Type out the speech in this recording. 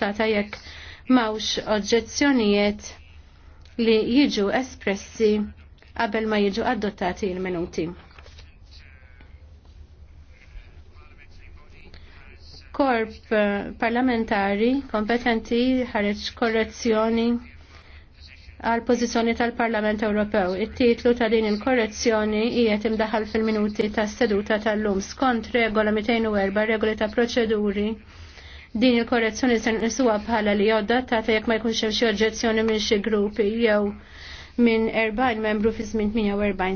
ta' jekk mawx oġġezzjonijiet li jiġu espressi qabel ma jiġu adottati il-minuti. Korp eh, parlamentari kompetenti ħareġ korrezzjoni għal pożizzjoni tal-Parlament Ewropew. It-titlu ta' din il-korrezzjoni qiegħed imdaħal fil-minuti tas seduta tal-lum skont regola 204 regoli ta' proċeduri din il-korrezzjoni se nisuha bħala li jodda ta' jekk ma jkunx hemm xi oġġezzjoni minn xi gruppi jew minn 40 membru fi minn 48